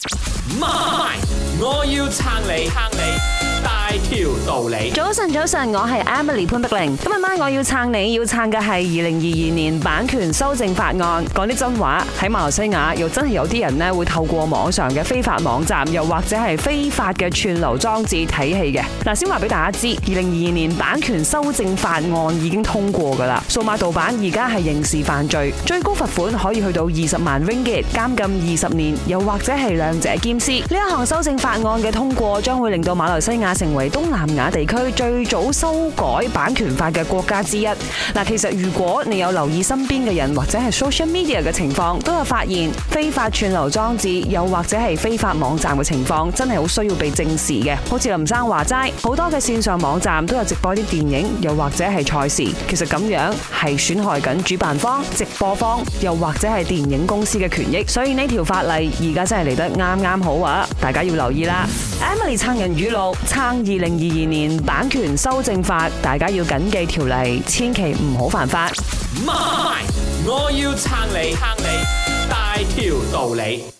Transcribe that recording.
媽咪，My，我要撐你，撐你。大條道理，早晨早晨，我係 Emily 潘碧玲。今日晚我要撐你要撐嘅係二零二二年版權修正法案。講啲真話，喺馬來西亞又真係有啲人咧會透過網上嘅非法網站，又或者係非法嘅串流裝置睇戲嘅。嗱，先話俾大家知，二零二二年版權修正法案已經通過㗎啦。數碼盜版而家係刑事犯罪，最高罰款可以去到二十萬 Ringgit，監禁二十年，又或者係兩者兼施。呢一項修正法案嘅通過，將會令到馬來西亞，成為東南亞地區最早修改版權法嘅國家之一。嗱，其實如果你有留意身邊嘅人或者係 social media 嘅情況，都有發現非法串流裝置，又或者係非法網站嘅情況，真係好需要被正視嘅。好似林生話齋，好多嘅綫上網站都有直播啲電影，又或者係賽事。其實咁樣係損害緊主辦方、直播方，又或者係電影公司嘅權益。所以呢條法例而家真係嚟得啱啱好啊！大家要留意啦。Emily 撐人語錄，撐二零二二年版權修正法，大家要謹記條例，千祈唔好犯法。媽，我要撐你，撐你大條道理。